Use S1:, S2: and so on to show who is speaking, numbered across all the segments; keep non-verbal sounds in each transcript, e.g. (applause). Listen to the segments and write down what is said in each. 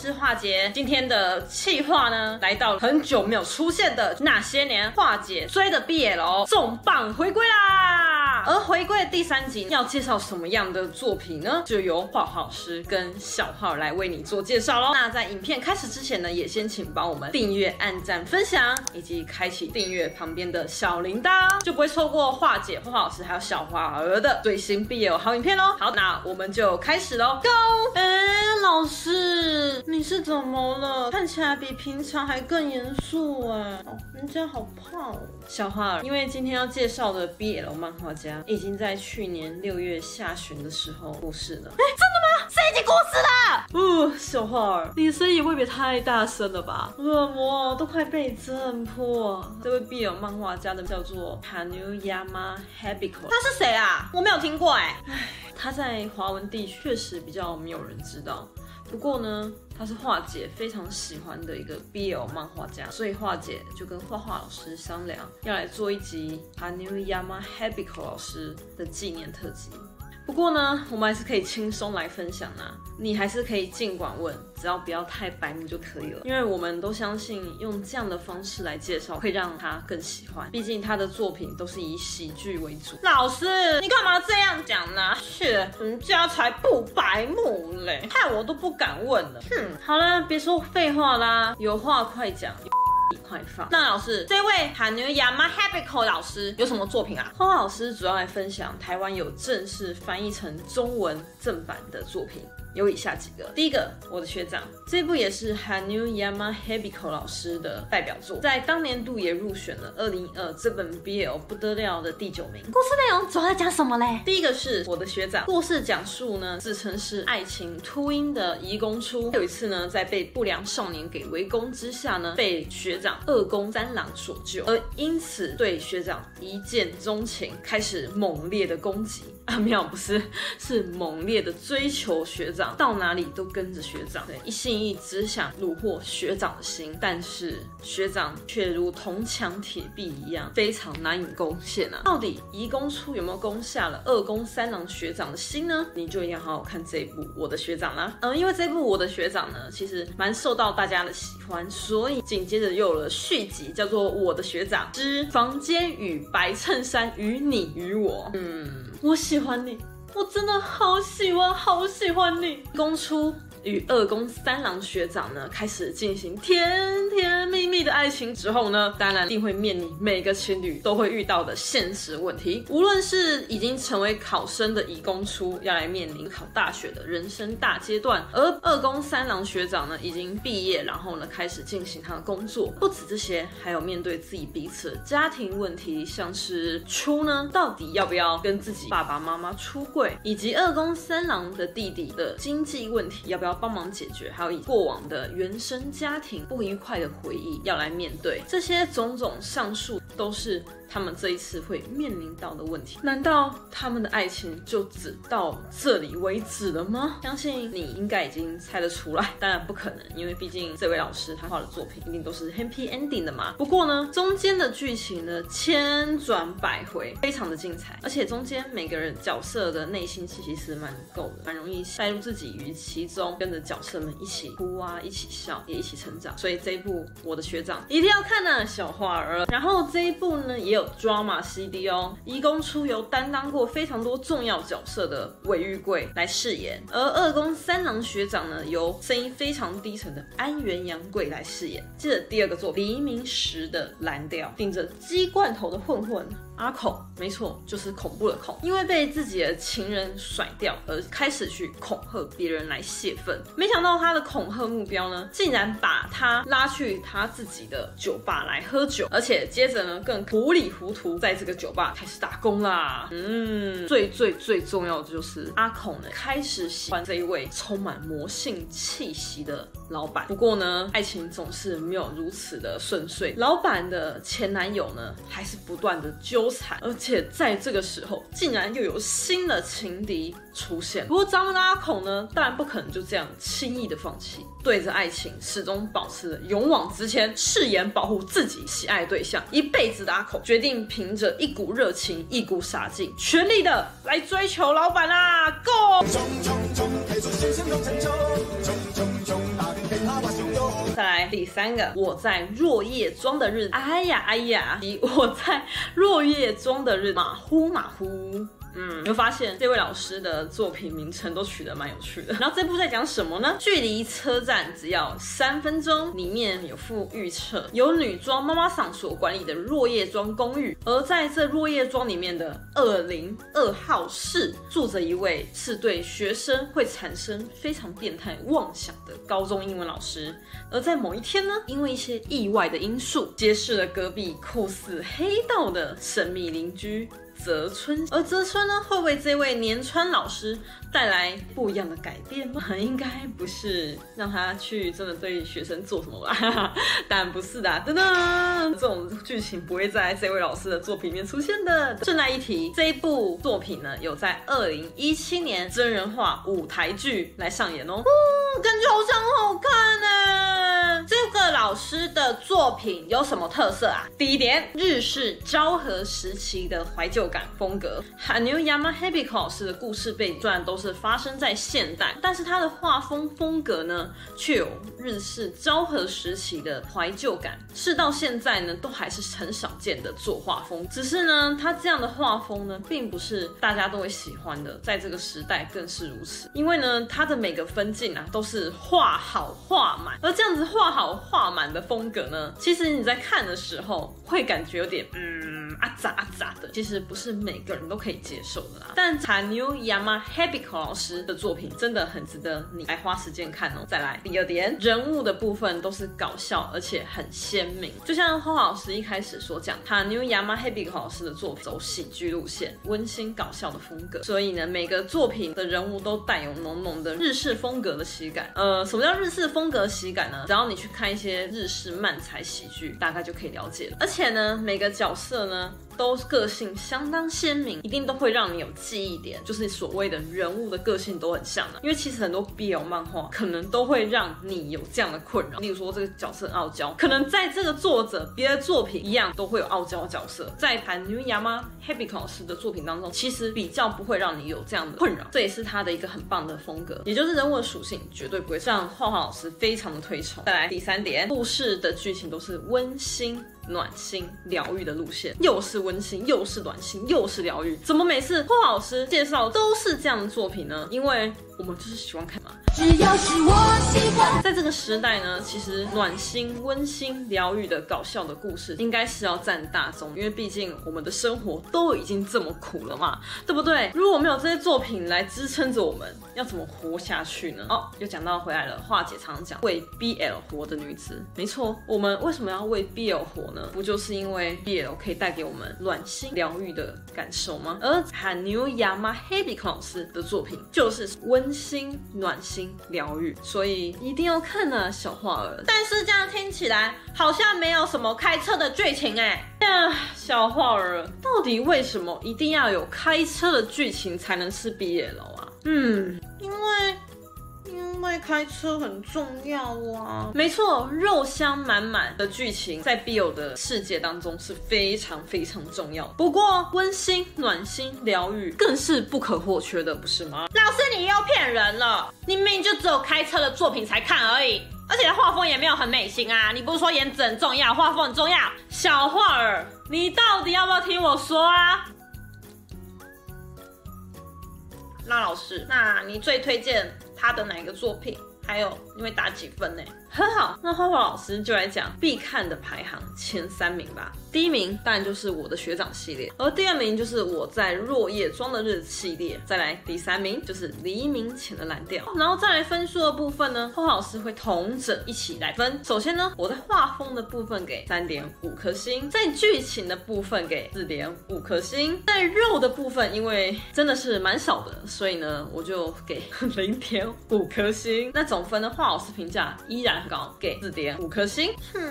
S1: 是樺姐今天的企劃呢，來到很久沒有出現的那些年，樺姐追的 BL 咯，重磅回歸啦！而回歸第三集要介紹什麼樣的作品呢？就由樺樺老師跟小樺兒來為你做介紹嘍。那在影片開始之前呢，也先請幫我們訂閱、按讚、分享，以及開啟訂閱旁邊的小鈴鐺，就不會錯過樺姐、樺樺老師還有小樺兒的最新 BL 好影片嘍。好，那我們就開始嘍，Go！哎、欸，老師，你是怎麼了？看起來比平常還更嚴肅哎。哦，人家好怕哦。小樺兒，因為今天要介紹的 BL 漫畫家。已經在去年六月下旬的時候過世了。哎、欸，真的嗎？誰已經過世了？哦、呃，小樺兒，你的聲音也未免太大聲了吧？耳膜都快被震破。這位 BL 漫畫家的叫做 Hanyuyama Hebiko。他是誰啊？我沒有聽過，欸。哎，他在華文地確實比較沒有人知道。不過呢，他是樺姐非常喜歡的一個 BL 漫畫家，所以樺姐就跟樺樺老師商量，要來做一集羽生山へび子老師的紀念特輯。不過呢，我們還是可以輕鬆來分享啊。你還是可以盡管問，只要不要太白目就可以了。因為我們都相信用這樣的方式來介紹，會讓他更喜歡。畢竟他的作品都是以喜劇為主。老師，你幹嘛這樣講呢？啊，我們家才不白目嘞。害我都不敢問了。哼，好了，別說廢話啦，有話快講。一塊放！那老師，這位哈 happy call 老師有什麼作品啊？花老師主要來分享台灣有正式翻譯成中文正版的作品。有以下幾個，第一個，我的學長，這部也是羽生山へび子老師的代表作，在當年度也入選了二零二二這本 BL 不得了的第九名。故事內容主要在講什麼嘞？第一個是我的學長，故事講述呢，自稱是愛情禿鷹的一宮初，有一次呢，在被不良少年給圍攻之下呢，被學長二宮三郎所救，而因此對學長一見鍾情，開始猛烈的攻擊。啊，妙，不是，是猛烈的追求學長，到哪裡都跟着學長，對，一心一意只想虜獲學長的心，但是學長卻如銅牆鐵壁一樣，非常難以攻陷啊！到底一宮出有沒有攻下了二宮三郎學長的心呢？你就一定要好好看這一部《我的學長》啦。嗯，因為這部《我的學長》呢，其實蠻受到大家的喜歡，所以緊接着又有了續集，叫做《我的學長之房間與白襯衫與你與我》。嗯，我喜。喜歡你，我真的好喜歡，好喜歡你。公出。與二宮三郎學長呢開始進行甜甜蜜蜜的愛情之後呢，當然一定會面臨每個情侶都會遇到的現實問題。無論是已經成為考生的移工初要來面臨考大學的人生大階段，而二宮三郎學長呢已經畢業，然後呢開始進行他的工作。不止這些，還有面對自己彼此的家庭問題，像是初呢到底要不要跟自己爸爸媽媽出櫃，以及二宮三郎的弟弟的經濟問題要不要。要幫忙解決，還有以過往的原生家庭不愉快的回憶要來面對，這些種種上述都是。他們這一次會面臨到的問題，難道他們的愛情就只到這裡為止了嗎？相信你應該已經猜得出來，當然不可能，因為畢竟這位老師他畫的作品一定都是 happy ending 的嘛。不過呢，中間的劇情呢千轉百回，非常的精彩，而且中間每個人角色的內心戲其實蠻夠的，蠻容易帶入自己於其中，跟着角色們一起哭啊，一起笑，也一起成長。所以這一部我的學長一定要看吶、啊，小樺兒。然後這一部呢也有。《Drama C D》哦，一宮出由擔當過非常多重要角色的尾玉貴來飾演，而二宮三郎學長呢，由聲音非常低沉的安元洋貴來飾演。接着第二個作品《黎明時的藍調》，頂着雞冠頭的混混。阿孔，沒錯，就是恐怖的恐，因為被自己的情人甩掉而開始去恐嚇別人來洩憤。沒想到他的恐嚇目標呢，竟然把他拉去他自己的酒吧來喝酒，而且接着呢，更糊裡糊塗在這個酒吧開始打工啦。嗯，最最最重要的就是阿孔呢，開始喜歡這一位充滿魔性氣息的。老闆，不過呢，愛情總是沒有如此的順遂。老闆的前男友呢，還是不斷的糾纏，而且在這個時候，竟然又有新的情敵出現。不過，咱們的阿孔呢，當然不可能就這樣輕易的放棄，對着愛情始終保持勇往直前，誓言保護自己喜愛對象一輩子的阿孔，決定憑着一股熱情，一股傻勁，全力的來追求老闆啦，Go！衝衝第三個，我在若葉莊的日子。哎呀，哎呀，我在若葉莊的日子，馬虎，馬虎。嗯，有發現這位老師的作品名稱都取得蠻有趣的。然後這部在講什麼呢？距離車站只要三分鐘，裡面有副預測，有女裝媽媽桑所管理的若葉莊公寓，而在這若葉莊裡面的二零二號室，住着一位是對學生會產生非常變態妄想的高中英文老師。而在某一天呢，因為一些意外的因素，揭示了隔壁酷似黑道的神秘鄰居。澤村，而澤村呢會為這位年川老師帶來不一樣的改變嗎？應該不是讓他去真的對學生做什麼吧？當 (laughs) 然不是的，啊，噔噔，這種劇情不會在這位老師的作品裡面出現的。順帶一提，這一部作品呢有在二零一七年真人化舞台劇來上演哦，哦，嗯，感覺好像很好看呢，欸。老師的作品有什麼特色啊？第一點，日式昭和時期的懷舊感風格。羽生山へび子老師的故事被傳都是發生在現代，但是他的畫風風格呢，卻有日式昭和時期的懷舊感。事到現在呢，都還是很少見的作畫風。只是呢，他這樣的畫風呢，并不是大家都會喜歡的，在這個時代更是如此。因為呢，他的每個分鏡啊，都是畫好畫滿，而這樣子畫好畫滿的風格呢，其實你在看的時候，會感覺有點……嗯。阿雜阿雜的，其實不是每個人都可以接受的啦。但羽生山へび子老師的作品真的很值得你來花時間看哦。再來第二點，人物的部分都是搞笑而且很鮮明。就像樺樺老師一開始所講，羽生山へび子老師的作品走喜劇路線，溫馨搞笑的風格。所以呢，每個作品的人物都帶有濃濃的日式風格的喜感。呃，什麼叫日式風格的喜感呢？只要你去看一些日式漫才喜劇，大概就可以了解了。而且呢，每個角色呢。都個性相當鮮明，一定都會讓你有記憶點，就是所謂的人物的個性都很像的、啊。因為其實很多 BL 漫畫可能都會讓你有這樣的困擾，例如說這個角色很傲嬌，可能在這個作者別的作品一樣都會有傲嬌角色。在盤牛亞媽 Happy 老 s 的作品當中，其實比較不會讓你有這樣的困擾，這也是他的一個很棒的風格，也就是人物的屬性絕對不會讓畫畫老師非常的推崇。再來第三點，故事的劇情都是溫馨，暖心療癒的路線，又是溫馨，又是暖心，又是療癒，怎麼每次霍老師介紹都是這樣的作品呢？因為。我們就是喜歡看嘛。只要是我喜歡。在這個時代呢，其實暖心、溫馨、療癒的搞笑的故事，應該是要佔大宗，因為畢竟我們的生活都已經這麼苦了嘛，對不對？如果沒有這些作品來支撐着我們，要怎麼活下去呢？哦，又講到回來了。樺姐常常講，為 BL 活的女子，沒錯，我們為什麼要為 BL 活呢？不就是因為 BL 可以帶給我們暖心、療癒的感受嗎？而羽生山へび子老師的作品就是溫。溫心暖心、療癒，所以一定要看啊，小樺兒。但是這樣聽起來好像沒有什麼開車的劇情哎呀。小樺兒，到底為什麼一定要有開車的劇情才能是 BL 啊？嗯。在開車很重要啊，沒錯，肉香滿滿的劇情在 BL 的世界當中是非常非常重要。不過溫馨、暖心、療癒更是不可或缺的，不是嗎？老師，你又騙人了，你明明就只有開車的作品才看而已，而且畫風也沒有很美型啊。你不是說顏值很重要，畫風很重要？小樺兒，你到底要不要聽我說啊？那老師，那你最推薦？他的哪一個作品，還有你會打幾分呢？很好，那樺樺老師就來講必看的排行前三名吧。第一名當然就是我的學長系列，而第二名就是我在若葉莊的日子系列，再來第三名就是黎明前的藍調，然後再來分數的部分呢，樺老師會統整一起來分。首先呢，我在畫風的部分給三點五顆星，在劇情的部分給四點五顆星，在肉的部分因為真的是蠻少的，所以呢，我就給零點五顆星。那總分的話，樺老師評價依然很高，給四點五顆星。哼、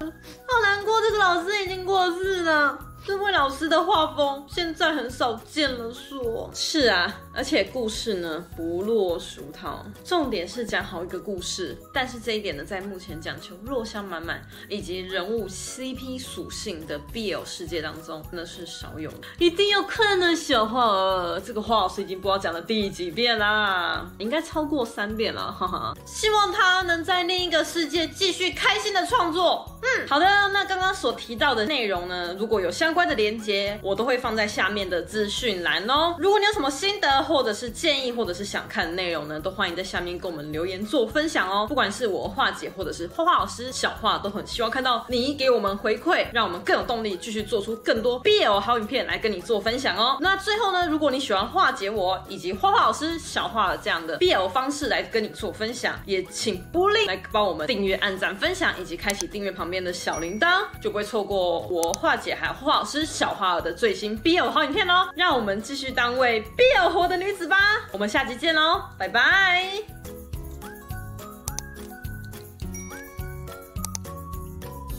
S1: 嗯。難過，這個老師已經過世了。這位老師的畫風現在很少見了，說。是啊。而且故事呢，不落俗套，重點是講好一個故事。但是這一點呢，在目前講求弱相滿滿以及人物 CP 屬性的 BL 世界當中，那是少有。一定要看的小樺兒。這個樺樺老師已經不知道講了第幾遍啦，應該超過三遍了，哈哈。希望他能在另一個世界繼續開心的創作。嗯，好的，那剛剛所提到的內容呢，如果有相關的連結，我都會放在下面的資訊欄哦。如果你有什麼心得，或者是建議，或者是想看的內容呢，都歡迎在下面跟我們留言做分享哦。不管是我樺姐，或者是樺樺老師、小樺，都很希望看到你給我們回饋，讓我們更有動力繼續做出更多 BL 好影片來跟你做分享哦。那最後呢，如果你喜歡樺姐我以及樺樺老師小樺這樣的 BL 方式來跟你做分享，也請不吝來幫我們訂閱、按讚、分享以及開啟訂閱旁邊的小鈴鐺，就不會錯過我樺姐還有樺樺老師小樺兒的最新 BL 好影片哦。讓我們繼續當為 BL 活的女子吧，我們下期見嘍，拜拜。